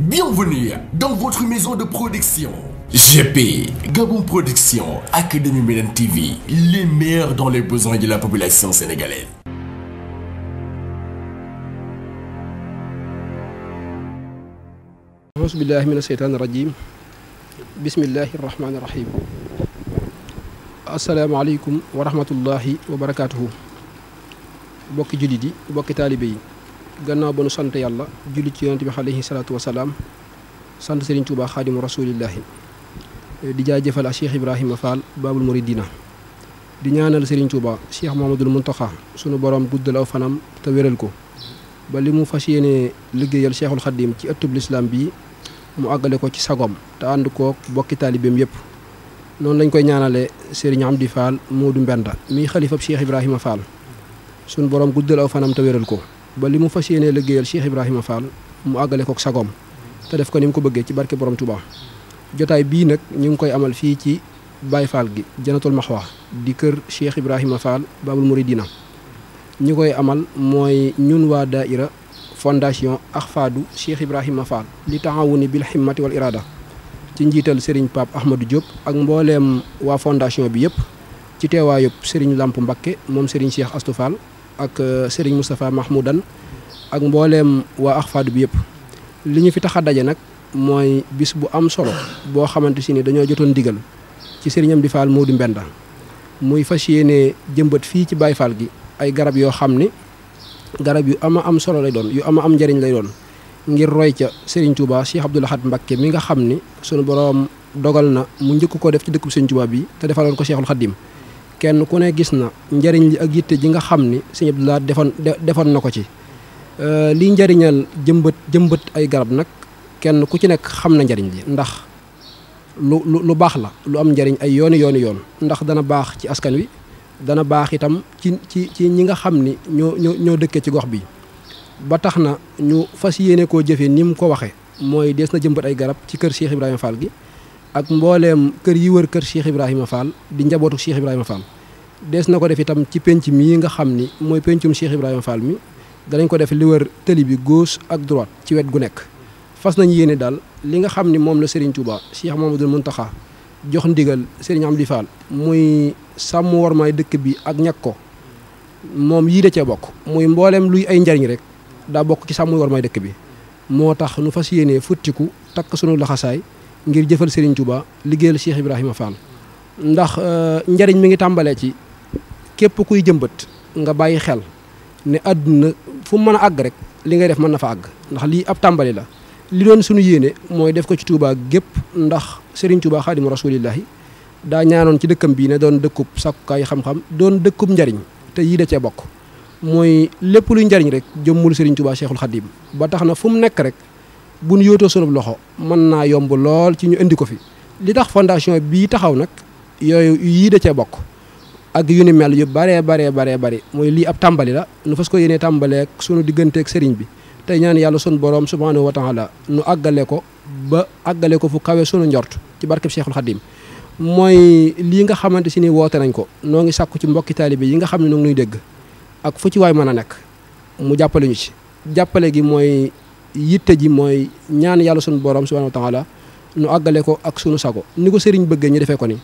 Bienvenue dans votre maison de production. GP, Gabon Production, Académie Médan TV, les meilleurs dans les besoins de la population sénégalaise. Auzu billahi mina sheytaani rajiim. Bismillahi rahmaani rahiim. asalaamaaleykum wa rahmatullahi wa barakaatuhu. bokki jullit yi bokki taalibe yi. gannaaw ba nu sant yàlla julli ci yonent bi alayhi salaatu wasalaam sant Serigne Touba xaadimu rasulillahi di jaajëfal ak Cheikh Ibrahima Fall Babul Mouridina di ñaanal Serigne Touba Cheikh mu Mountakha sunu borom guddal aw fanam te wéral ko ba li mu fas yéene liggéeyal Cheikhul Khadim ci ëttub lislaam bi mu àggale ko ci sagom te ànd koo bokki taalibeem yëpp noonu lañ koy ñaanale Serigne Amdi Fall Modou Mbenda mi xalifab Cheikh Ibrahima Fall sunu borom guddal aw fanam te wéral ko ba li mu fas yéenee liggéeyal Cheikh Ibrahima Fall mu àggale ko sagoom te def ko ni mu ko bëggee ci barke borom Touba jotaay bii nag ñu ngi koy amal fii ci Baye Fall gi janatul maxwa di kër Cheikh Ibrahima Fall Babul Mouridina ñi koy amal mooy ñun waa daaira fondation Ahfadu Cheikh Ibrahima Fall li taawuni bil himmati wal irada ci njiital Serigne Pape Ahmadou Diop ak mbooleem waa fondation bi yëpp ci teewaayub Serigne làmp Mbakke moom Serigne Cheikh Astou ak euh, Serigne Moustapha Mahmoudan ak mbooleem waa Axfaadu bi yëpp li ñu fi tax a daje nag mooy bis bu am solo boo xamante si ni dañoo jotoon ndigal ci Serigne Amdi Fall Modou Mbenda muy fas yéene jëmbat fii ci baay Fall gi ay garab yoo xam ni garab yu ama am solo lay doon yu ama am njëriñ lay doon ngir roy ca Serigne Touba Cheikh Abdoul Ahad Mbacké mi nga xam ni sunu boroom dogal na mu njëkk koo def ci dëkkub Serigne Touba bi te defaloon ko Cheikhul Khadim kenn ku ne gis na njëriñ li ak yitte ji nga xam ni sëñ Abdou Lahad defoon defoon na ko ci euh, liy njëriñal jëmbët jëmbët ay garab nag kenn ku ci nekk xam na njariñ li ndax lu lu baax la lu am njëriñ ay yooni yooni yoon ndax dana baax ci askan wi dana baax itam ci ci ci ñi nga xam ni ñoo ñoo ñoo dëkkee ci gox bi ba tax na ñu fas yéene koo jëfee ni mu ko waxee mooy des na jëmbat ay garab ci kër Cheikh Ibrahima Fall gi ak mbooleem kër yi wër kër Cheikh Ibrahima Fall di njabootu Cheikh Ibrahima Fall des na ko def itam ci penc mii nga xam ni mooy pencum Cheikh Ibrahima Fall mi danañ ko def li wër tëli bi góos ak droite ci wet gu nekk fas nañu yéene daal li nga xam ni moom la moom Touba Cheikh Mamadou Mountakha jox ndigal Serigne di Fall muy sàmm warmaay dëkk bi ak ñàkk ko moom yii de cee bokk muy mboolem luy ay njariñ rek daa bokk ci sàmm warmaay dëkk bi moo tax nu fas yéenee futtiku takk sunu laxasaay ngir jëfal Serigne Touba liggéeyal Cheikh Ibrahima Fall ndax euh, njariñ mi ngi tàmbalee ci képp kuy jëmbat nga bàyyi xel ne àdduna fu mu mën a àgg rek li ngay def mën na fa àgg ndax lii ab tàmbali la li doon suñu yéene mooy def ko ci Touba gépp ndax Serigne Touba xaadimu rasulillahi daa ñaanoon ci dëkkam bii ne doon dëkkub sàkkukaay xam-xam doon dëkkub njariñ te yii da cee bokk mooy lépp luy njariñ rek jëmmul Serigne Touba Cheikhul Khadim ba tax na fu mu nekk rek buñ yóotoo sunub loxo mën naa yomb lool ci ñu indi ko fi li tax fondation bii taxaw nag yooyu yii da cee bokk ak yu ni mel yu baree baree baree bari mooy lii ab tàmbali la nu fas ko yéenee tàmbaleek ak sunu digganteeg sëriñ bi tey ñaan yàlla sunu borom subhaanahu wa taala nu àggale ko ba àggale ko fu kawe sunu njort ci barkeb Cheikhul Khadim mooy lii nga xamante si ni woote nañ ko noo ngi sàkku ci mbokki taalibe yi nga xam ne noo ngi dégg ak fu ci waay mën a nekk mu jàppale ñu jàppale gi mooy yitte ji mooy ñaan yàlla sunu borom subhaanahu wa taala nu àggale ko ak sunu sago ni ko sëriñ bëggee ñu defee ko ni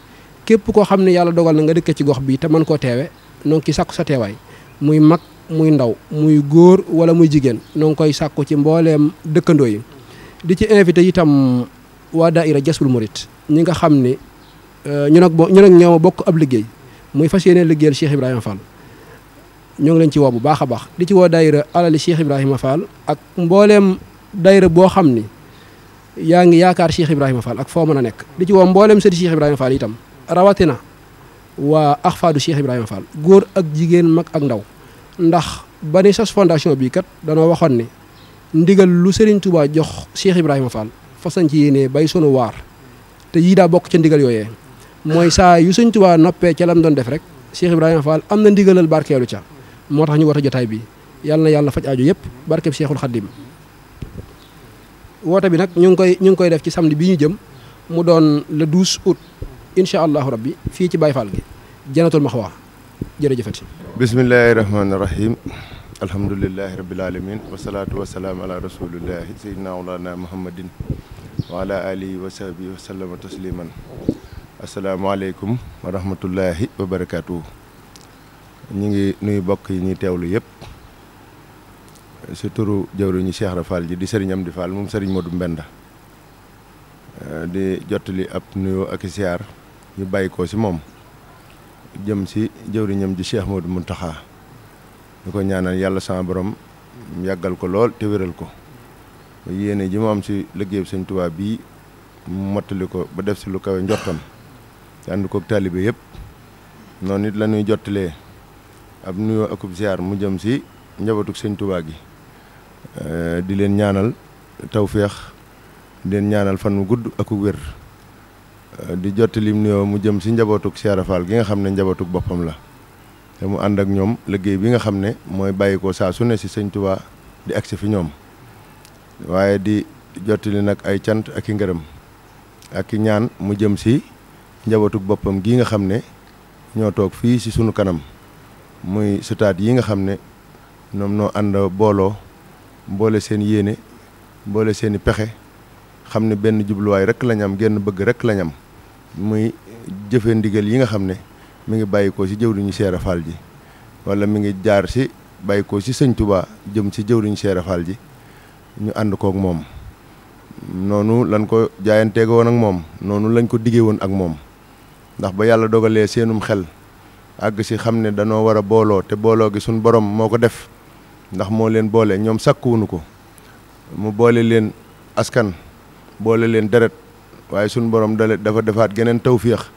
képp koo xam ne yàlla dogal na nga dëkkee ci gox bii te mën koo teewe noo ngi ci sàkku sa teewaay muy mag muy ndaw muy góor wala muy jigéen noo koy sàkku ci mbooleem dëkkandoo yi di ci invité itam waa daaira Jazbul Murid ñi nga xam ne euh, ñu nag bo ñu nag ñoo bokk ab liggéey muy fas yéene liggéeyal Cheikh Ibrahima Fall ñoo ngi leen ci woo bu baax a baax di ci woo daayira alali Cheikh Ibrahima Fall ak mbooleem daayira boo xam ni yaa ngi yaakaar Cheikh Ibrahima Fall ak foo mën a nekk di ci woo mbooleem sëti Cheikh Ibrahima Fall itam rawatina waa axfaadu Cheikh Ibrahima Fall góor ak jigéen mag ak ndaw ndax ba ni sos fondation bi kat danoo waxoon ni ndigal lu Serigne Touba jox Cheikh Ibrahima Fall fasañ ci yéenee bay sunu waar te yii daa bokk ca ndigal yooyee mooy saa yu Serigne Touba noppee ca lam doon def rek Cheikh Ibrahima Fall am na ndigalal barkeelu ca moo tax ñu war jotaay bi yàlla na yàlla faj aajo yëpp barkeb Cheikhul Khadim woote bi nag ñu ngi koy ñu ngi koy def ci samedi bi ñu jëm mu doon le 12 août incha allahu rabbi fii ci Baye Fall gi janatul maxwa jërëjëfati bismillahi rahmaani rahim alhamdulilahi rabil alamin wasalaatu wasalaam ala rasulillahi sayidina wulana muhammadin wa ala alihi wa sahbihi wa sallama tasliman asalaamaaleykum wa rahmatullahi wa barakaatu ñu ngi nuyu bokk yi ñuy teewlu yëpp si turu jawriñu Cheikh Ibra Fall ji di sëriñ Amdi Fall moom sëriñ Modou Mbenda di jottali ab nuyoo ak siyaar yu bàyyi ko si moom jëm si jëwriñam ji Cheikh Modou Mountakha ñu ko ñaanal yàlla sama borom yàggal ko lool te wéral ko yéene ji mu am si liggéey Sëñ Tuubaa bii mottali ko ba def si lu kawe njortam te ànd koog taalibe yépp noonu nit la ñuy jottalee ab nuyoo akub ziar mu jëm si njabootug Sëñ Tuubaa gi di leen ñaanal tawféex di leen ñaanal fan wu gudd ak wér. Euh, di jot lim mu jëm si njabootuk Cheikh Fall gi nga xam ne njabootuk boppam la te mu ànd ak ñoom liggéey bi nga xam ne mooy bàyyi ko saa su ne si sëñ Tuubaa di si fi ñoom waaye di jottali nag ay cant ak i ngërëm ak i ñaan mu jëm si njabootuk boppam gii nga xam ne ñoo toog fii si sunu kanam muy sutaat yi nga xam ne ñoom noo ànd booloo boole seen yéene boole seen i pexe xam ne benn jubluwaay rek lañ am genn bëgg rek lañ am muy jëfe ndigal yi nga xam ne mi ngi bàyyi ko ci jëwriñu Cheikh Fall ji wala mi ngi jaar si bàyyi ko ci sëñ Touba jëm ci jëwriñu Cheikh Fall ji ñu ànd kook moom noonu lañ ko jaayanteeg woon ak moom noonu lañ ko diggee woon ak moom ndax ba yàlla dogalee seenum xel àgg si xam ne danoo war a booloo te booloo gi suñ borom moo ko def ndax moo leen boole ñoom sakkuwunu ko mu boole leen askan boole leen deret waaye suñu borom dale dafa defaat geneen tawféex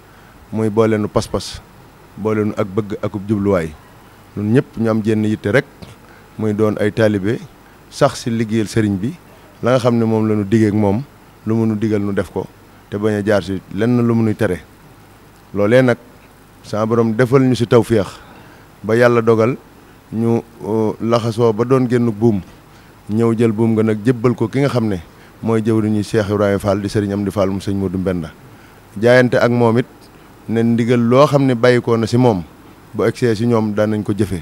muy boole nu pas-pas boole nu ak bëgg akub jubluwaay ñun ñëpp ñu am jenn yitte rek muy doon ay taalibe sax si liggéeyal sëriñ bi la nga xam ne moom la ñu moom lu mu nu digal nu def ko te bañ a jaar si lenn lu mu tere loolee nag saa borom defal ñu si tawféex ba yàlla dogal ñu uh, laxasoo ba doon génn buum ñëw jël buum nga nag jébbal ko ki nga xam ne. mooy jëw ñuy Cheikh Ibrahima Fall di sëriñ di Fall mu sëñ du Mbenda jaayante ak moom it ne ndigal loo xam ne bàyyikoo na si moom bu egsee si ñoom daan nañ ko jëfee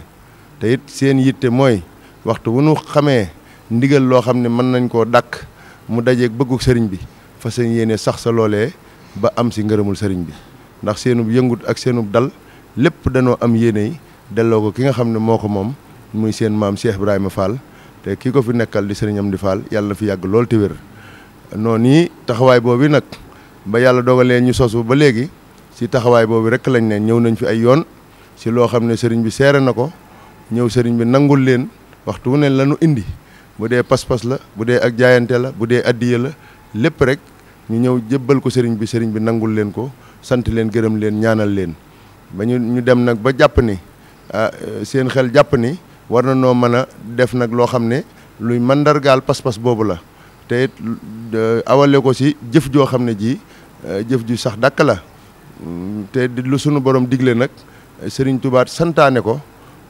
te it seen yitte mooy waxtu wu nu xamee ndigal loo xam ne mën nañ koo dàkk mu dajeeg bëggu sëriñ bi fa seen yéene sax sa loolee ba am si ngërëmul sëriñ bi ndax seenub yëngut ak seenub dal lépp danoo am yéene delloo ko ki nga xam ne moo ko moom muy seen maam Cheikh Ibrahima Fall te kii ko fi nekkal di sëriñ Amdi Fall yàlla na fi yàgg loolu te wér noonu yi taxawaay boobu nag ba yàlla dogalee ñu sosu ba léegi si taxawaay boobu rek lañ ne ñëw nañ fi ay yoon si loo xam ne sëriñ bi seere na ko ñëw sëriñ bi nangul leen waxtu wu ne lanu indi bu dee pas-pas la bu dee ak jaayante la bu dee addiya la lépp rek ñu ñëw jébbal ko sëriñ bi sëriñ bi nangul leen ko sant leen gërëm leen ñaanal leen ba ñu ñu dem nag ba jàpp ni ah, seen xel jàpp ni war na noo mën a def nag loo xam ne luy mandargaal pas-pas boobu la te awale ko si jëf joo xam ne ji euh, jëf ju sax dàkk la mm, te lu sunu borom digle nag Serigne tubaat santaane ko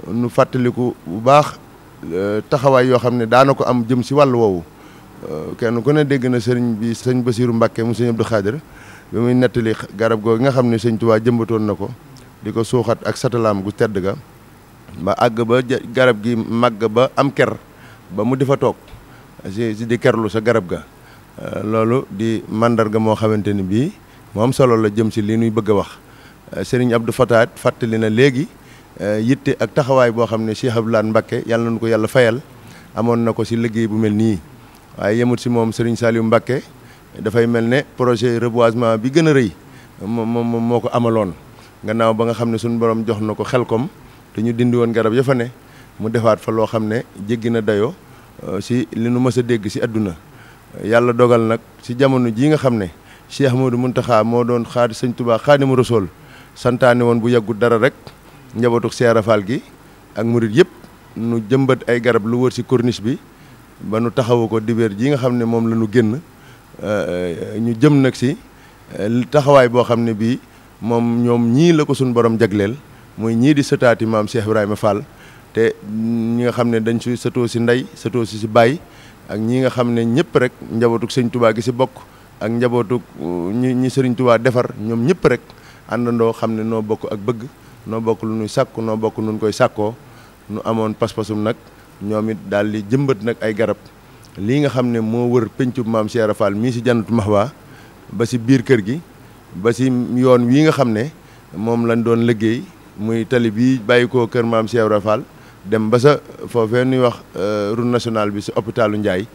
nu fàttaliku bu baax euh, taxawaay yoo xam ne daana ko am jëm si wàll woowu euh, kenn ku ne dégg na sëriñ bi sëñ Basiiru Mbàkke mu sëñ Abdu Xaadir bi muy nettali garab googu nga xam ne sëñ Touba jëmbatoon na ko di ko suuxat ak satalaam gu tedd ga ba àgg ba garab gi màgg ba am ker ba mu di fa toog si si di kerlu sa garab ga euh, loolu di màndarga moo xamante ni bii mu am solo la jëm si li nuy bëgg a wax euh, sëriñ Abdou Fataat fàttali na léegi euh, yitte ak taxawaay boo xam ne Cheikh Abdou Lahad yàlla nañu ko yàlla fayal amoon na ko si liggéey bu mel nii waaye yemut si moom sëriñ Saliou Mbacké dafay mel ne projet reboisement bi gën a rëy moom moom moo ko amaloon gannaaw ba nga xam ne suñu borom jox na ko xel xelkom dañu dindi woon garab ya fa ne mu defaat fa loo xam ne jéggi na dayoo euh, si li nu mës a dégg si àdduna yàlla dogal nag si jamono jii nga xam ne Cheikh Ahmadou Mountakha moo doon xaar sëñ Tuubaa Xaadimu Rasuul santaane woon bu yàggut dara rek njabootu Cheikh gi ak murit yëpp nu jëmbat ay garab lu wër si corniche bi ba nu taxawu ko dibéer ji nga xam ne moom la ñu génn euh, ñu jëm nag si euh, taxawaay boo xam ne bii moom ñoom ñii la ko suñu borom jagleel mooy ñii di sëtaati maam Cheikh Ibrahima Fall te ñi nga xam ne dañ si sëtoo si ndey sëtoo si si baay ak ñi nga xam ne ñëpp rek njabootuk sëñ tubaa gi si bokk ak njabootuk uh, ñi ñi sëriñ tubaa defar ñoom ñëpp rek àndandoo xam ne noo bokk ak bëgg noo bokk lu ñuy sàkku noo bokk nun koy sàkkoo nu amoon pas-pasum nag ñoom it daal di jëmbat nag ay garab lii nga xam ne moo wër pencub maam Cheikh Ibra mii si jannatu waa ba si biir kër gi ba si yoon wii nga xam ne moom lañ doon liggéey muy tali bi bàyyi ko kër maam Cheikh Ibra dem ba sa foofee nuy wax euh, route nationale bi si hôpitalu Ndiaye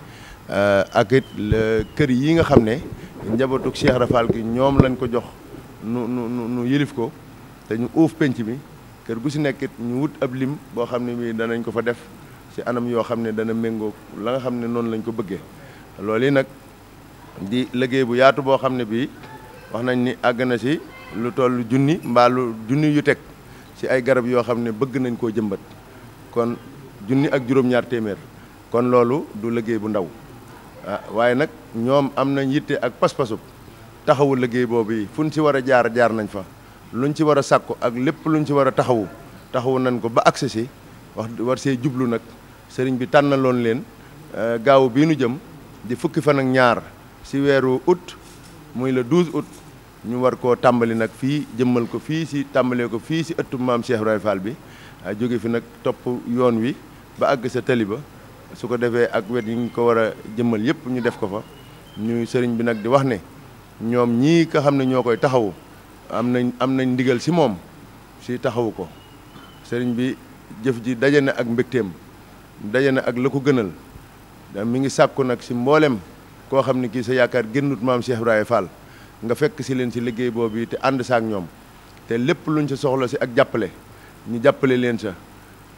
euh, ak it kër yi nga xam ne njabootu Cheikh Ibra Fall gi ñoom lañ ko jox nu nu nu yilif ko te ñu uuf penc mi kër gu si nekk it ñu wut ab lim boo xam ne bii danañ ko fa def si anam yoo xam ne dana méngoo la nga xam ne noonu lañ ko bëggee loolu yi nag di liggéey bu yaatu boo xam ne bii wax nañ ni àgg na si lu toll junni mbaa junni yu teg. si ay garab yoo xam ne bëgg nañ koo jëmbat kon junni ak juróom-ñaar téeméer kon loolu du liggéey bu ndaw ah, waaye nag ñoom am nañ yitte ak pas-pasub taxawu liggéey boobu fu ñu si war a jaar jaar nañ fa luñ si war a sàkku ak lépp luñ si war a taxawu taxawu nañ ko ba agsi si wax war see jublu nag sëriñ bi tànnaloon leen eh, gaaw bii nu jëm di fukki fan ak ñaar si weeru août muy le 12 août ñu war koo tàmbali nag fii jëmmal ko fii si tàmbalee ko fii si ëttu maam Cheikh Ibrahima Fall bi ah, jóge fi nag topp yoon wi ba àgg sa tali ba su ko defee ak wet yi ñu ko war a jëmmal yëpp ñu def ko fa ñu sëriñ bi nag di wax ne ñoom ñii nga xam ne ñoo koy taxawu am nañ am nañ ndigal si moom si taxawu ko sëriñ bi jëf ji daje na ak mbégteem daje ak la ko gënal mi ngi sàkku nag si mbooleem koo xam ne kii sa yaakaar génnut maam Cheikh Ibrahima Fall nga fekk si leen ci liggéey boobu te ànd saak ñoom te lépp lu luñ sa soxla si ak jàppale ñu jàppale leen sa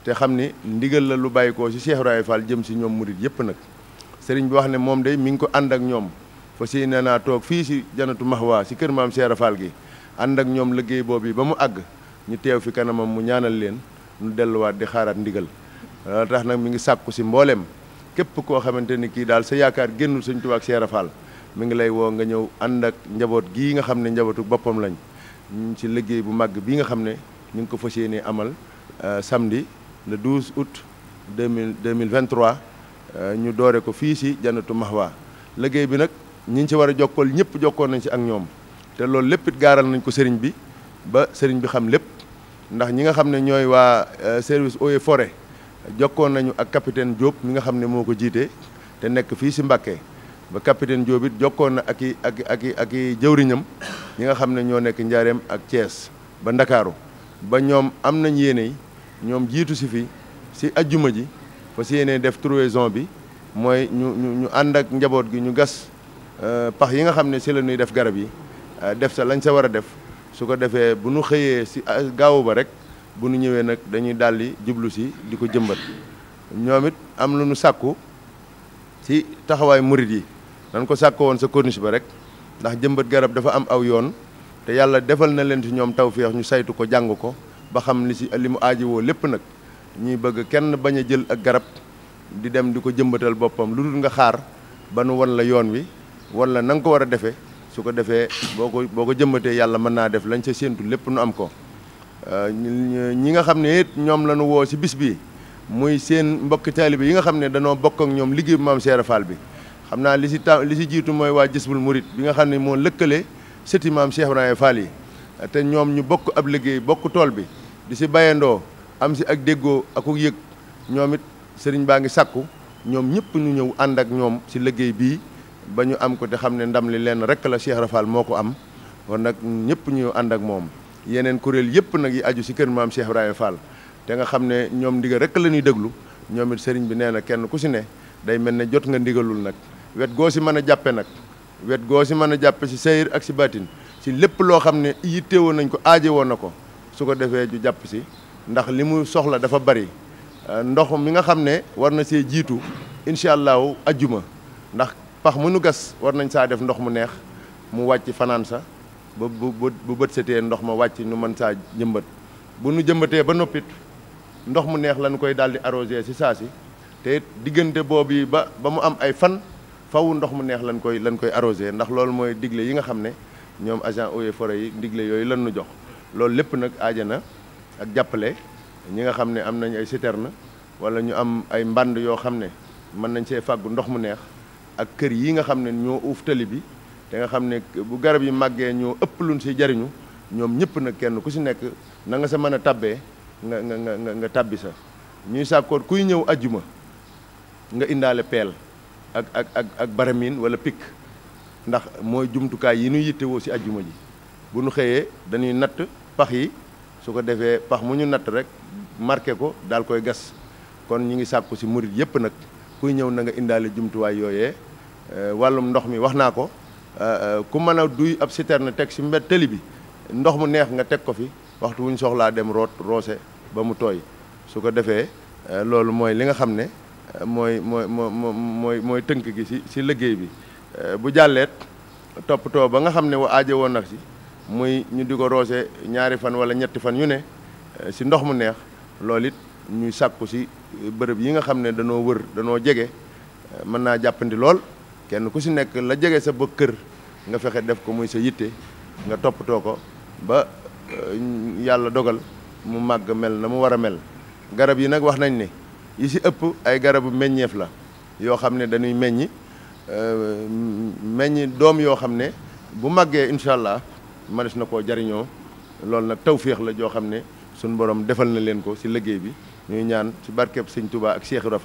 te xam ni ndigal la lu bàyyi ko si Cheikh Ibrahima jëm si ñoom mu di yëpp nag sëriñ bi wax ne moom day mi ngi ko ànd ak ñoom fa si nee naa toog fii si janatu Mahwa si kër maam Cheikh Ibrahima gi ànd ak ñoom liggéey boobu yi ba mu àgg ñu teew fi kanamam mu ñaanal leen ñu delluwaat di xaaraat ndigal loolu tax nag mu ngi sàkku si mbooleem képp koo xamante ni kii daal sa yaakaar génnul Sëriñ Tuubaa ak Cheikh mi ngi lay woo nga ñëw ànd ak njaboot gii nga xam ne njabootu boppam lañ ci liggéey bu màgg bi nga xam ne ñu ngi ko fas yéenee amal euh, samedi le 12 août 2023 euh, ñu doore ko fii si Jannatu Mahwa liggéey bi nag ñi ci war a jokkool ñëpp jokkoon nañ ci ak ñoom te loolu lépp it gaaral nañ ko sëriñ bi ba sëriñ bi xam lépp ndax ñi nga xam ne ñooy waa euh, service eaux fore jokkoon nañu ak capitaine Diop mi nga xam ne moo ko jiite te nekk fii si Mbacké ba capitaine Diop jokkoon na ak i ak ak ak i jëwriñam ñi nga xam ne ñoo nekk Njaareem ak Thiès ba Ndakaaru ba ñoom am nañ yéene ñoom jiitu si fi si ajjuma ji fa si yéene def trouaison bi mooy ñu ñu ànd ak njaboot gi ñu gas euh, pax yi nga xam ne si la ñuy def garab yi euh, def sa lañ sa war a def su ko defee bu ñu xëyee si euh, gaawu ba rek bu nu ñëwee nag dañuy daldi jublu si di ko jëmbat ñoom it am lu ñu sàkku si taxawaay murit yi dañ ko sàkk woon sa corniche ba rek ndax jëmbat garab dafa am aw yoon te yàlla defal na leen ci ñoom tawféex ñu saytu ko jàng ko ba xam li si li mu aajowoo lépp nag ñuy bëgg kenn bañ a jël ak garab di dem di ko jëmbatal boppam lu dul nga xaar ba nu wan la yoon wi wan la na ko war a defee su ko defee boo ko boo ko jëmbatee yàlla mën naa def lañ sa séentu lépp nu am ko euh, ñi nga xam ne it ñoom la nu woo si bis bi muy seen mbokki taalibe yi nga xam ne danoo bokk ak ñoom liggéey maam Cheikh Fall bi xam naa li si ta li si jiitu mooy waa Jësbul Murit bi nga xam ne moo lëkkale seti maam Cheikh Ibrahima Fall yi te ñoom ñu bokk ab liggéey bokk tool bi di si bayandoo am si ak déggoo ak ku yëg ñoom it sëriñ baa ngi sàkku ñoom ñëpp ñu ñëw ànd ak ñoom si liggéey bii ba ñu am ko te xam ne ndam li lenn rek la Cheikh Rafal moo ko am war nag ñëpp ñu ànd ak moom yeneen kuréel yëpp nag yi aju si kër maam Cheikh Ibrahima te nga xam ne ñoom ndigal rek la déglu ñoom sëriñ bi nee na kenn ku si ne day mel ne jot nga ndigalul nag wet goo si mën a jàppe nag wet goo si mën a jàppe si sayir ak si baatin si lépp loo xam ne yitte woon nañ ko aaje woon na ko su ko defee ju jàpp si ndax li mu soxla dafa bari euh, ndox mi nga xam ne war na see jiitu incha allahu ajjuma ndax pax mu nu gas war nañ saa def ndox mu neex mu wàcc fanaan sa ba bu bu bët setee ndox ma wàcc nu mën saa jëmbat bu nu jëmbatee ba noppit ndox mu neex lañu koy daal di arrosé si saa si te diggante boobu ba ba mu am ay fan faw ndox mu neex lañ koy lañ koy arrosé ndax loolu mooy digle yi nga xam ne ñoom agent eaux et forêt yi digle yooyu lan nu jox loolu lépp nag aaja na ak jàppale ñi nga xam ne am nañ ay citerne wala ñu am ay mbànd yoo xam ne mën nañ see fàggu ndox mu neex ak kër yi nga xam ne ñoo uuf tali bi te nga xam ne bu garab yi màggee ñoo ëpp luñ si jariñu ñoom ñëpp nag kenn ku si nekk na nga sa mën a tabbee nga nga nga nga tabbi sa ñuy sàkkoor kuy ñëw ajjuma nga indaale ak ak ak ak baramine wala pik ndax mooy jumtukaay yi ñu yittewoo si ajjuma ji bu nu xëyee dañuy natt pax yi su ko defee pax mu ñu natt rek marqué ko daal koy gas kon ñu ngi sàkku si murit yépp nag kuy ñëw na nga indaale jumtuwaay yooyee euh, wàllum ndox mi wax naa ko euh, euh, ku mën a duy ab citerne teg si mbedd tëli bi ndox mu neex nga teg ko fi waxtu wu ñu soxlaa dem root roose ba mu tooy su ko defee loolu mooy li nga xam ne mooy mooy mooy mooy tënk gi si si liggéey bi eh, bu jàlleet toppatoo ba nga xam ne wa aajo woon nag si muy ñu di ko roose ñaari fan wala ñetti fan yu ne si eh, ndox mu neex loolu it ñuy sàkku si bërëb yi nga xam ne danoo wër danoo jege eh, mën naa jàppandi lool kenn ku si nekk la jege sa ba kër nga fexe def ko muy sa yitte nga toppatoo ko ba yàlla dogal mu màgg mel na mu war a mel garab yi nag wax nañ ni yi si ëpp ay garabu meññeef la yoo xam ne dañuy meññi euh, meññi doom yoo xam ne bu màggee incha allah mënees na koo jariñoo loolu nag tawféex la joo xam ne suñu borom defal na leen ko si liggéey bi ñuy ñaan si barke sëñ Touba ak Cheikh Ibra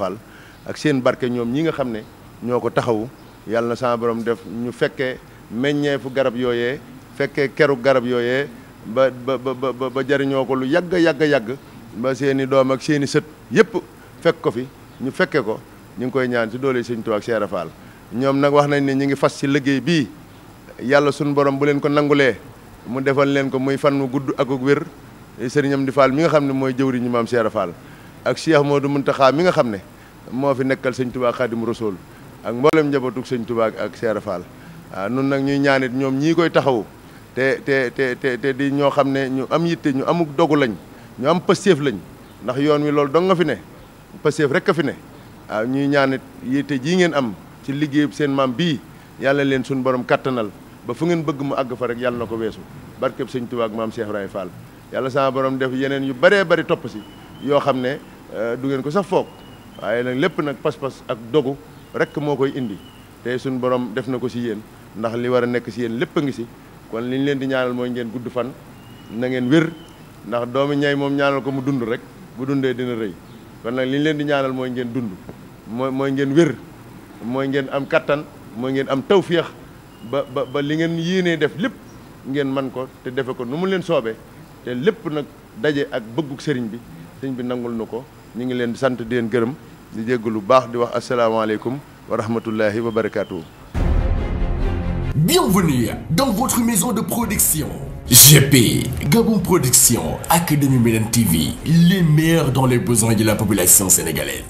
ak seen barke ñoom ñi nga xam ne ñoo ko taxawu yàlla na borom def ñu fekkee meññeefu garab yooyee fekkee keru garab yooyee ba ba jariñoo ko lu yàgg yàgg yàgg ba seeni doom ak seeni sët yépp fekk ko fi ñu fekke ko ñu ngi koy ñaan ci doole Sëñ Tuubaa ak Cheikh Fall ñoom nag wax nañ ne ñu ngi fas ci liggéey bii yàlla suñu borom bu leen ko nangulee mu defal leen ko muy fan mu gudd ak wér sëriñam di Fall mi nga xam ne mooy jëwriñu maam Cheikh Fall ak Cheikh Modou Mountakha mi nga xam ne moo fi nekkal Sëñ Tuubaa Xaadimu Rasuul ak mboolem njabootug Sëñ Tuubaa ak Cheikh Fall waaw ah, nun nag ñuy ñaanit ñoom ñii koy taxawu te te te te di ñoo xam ne ñu am yitte ñu amuk dogu lañ ñu am pëstéef lañ ndax yoon wi loolu dong fi ne Pastef rek a fi ne waaw ñuy ñaanit yéete jii ngeen am ci liggéey seen maam bii yàlla leen suñu borom kàttanal ba fu ngeen bëgg mu àgg fa rek yàlla na ko weesu barkeb sëñ Tuubaa ak maam Cheikh Ibrahima Fall yàlla sama borom def yeneen yu bëree bari topp si yoo xam ne euh, du ngeen ko sax foog waaye nag lépp nag pas-pas ak dogu rek moo koy indi te suñu borom def na ko si yéen ndax li war a nekk si yéen lépp a ngi si kon li ñu leen di ñaanal mooy ngeen gudd fan na ngeen wér ndax doomi ñay moom ñaanal ko mu dund rek bu dundee dina rëy kon nag li ñu leen di ñaanal mooy ngeen dund mooy mooy ngeen wér mooy ngeen am kattan mooy ngeen am tawféex ba ba ba li ngeen yéenee def lépp ngeen man ko te defe ko nu mu leen soobee te lépp nag daje ak bëgguk sëriñ bi sëriñ bi nangul nu ko ñu ngi leen sant di leen gërëm di jégg lu baax di wax asalaamaaleykum wa rahmatullahi wa barakaatu. Bienvenue dans votre maison GP, Gabon Production, Académie Médan TV, les meilleurs dans les besoins de la population sénégalaise.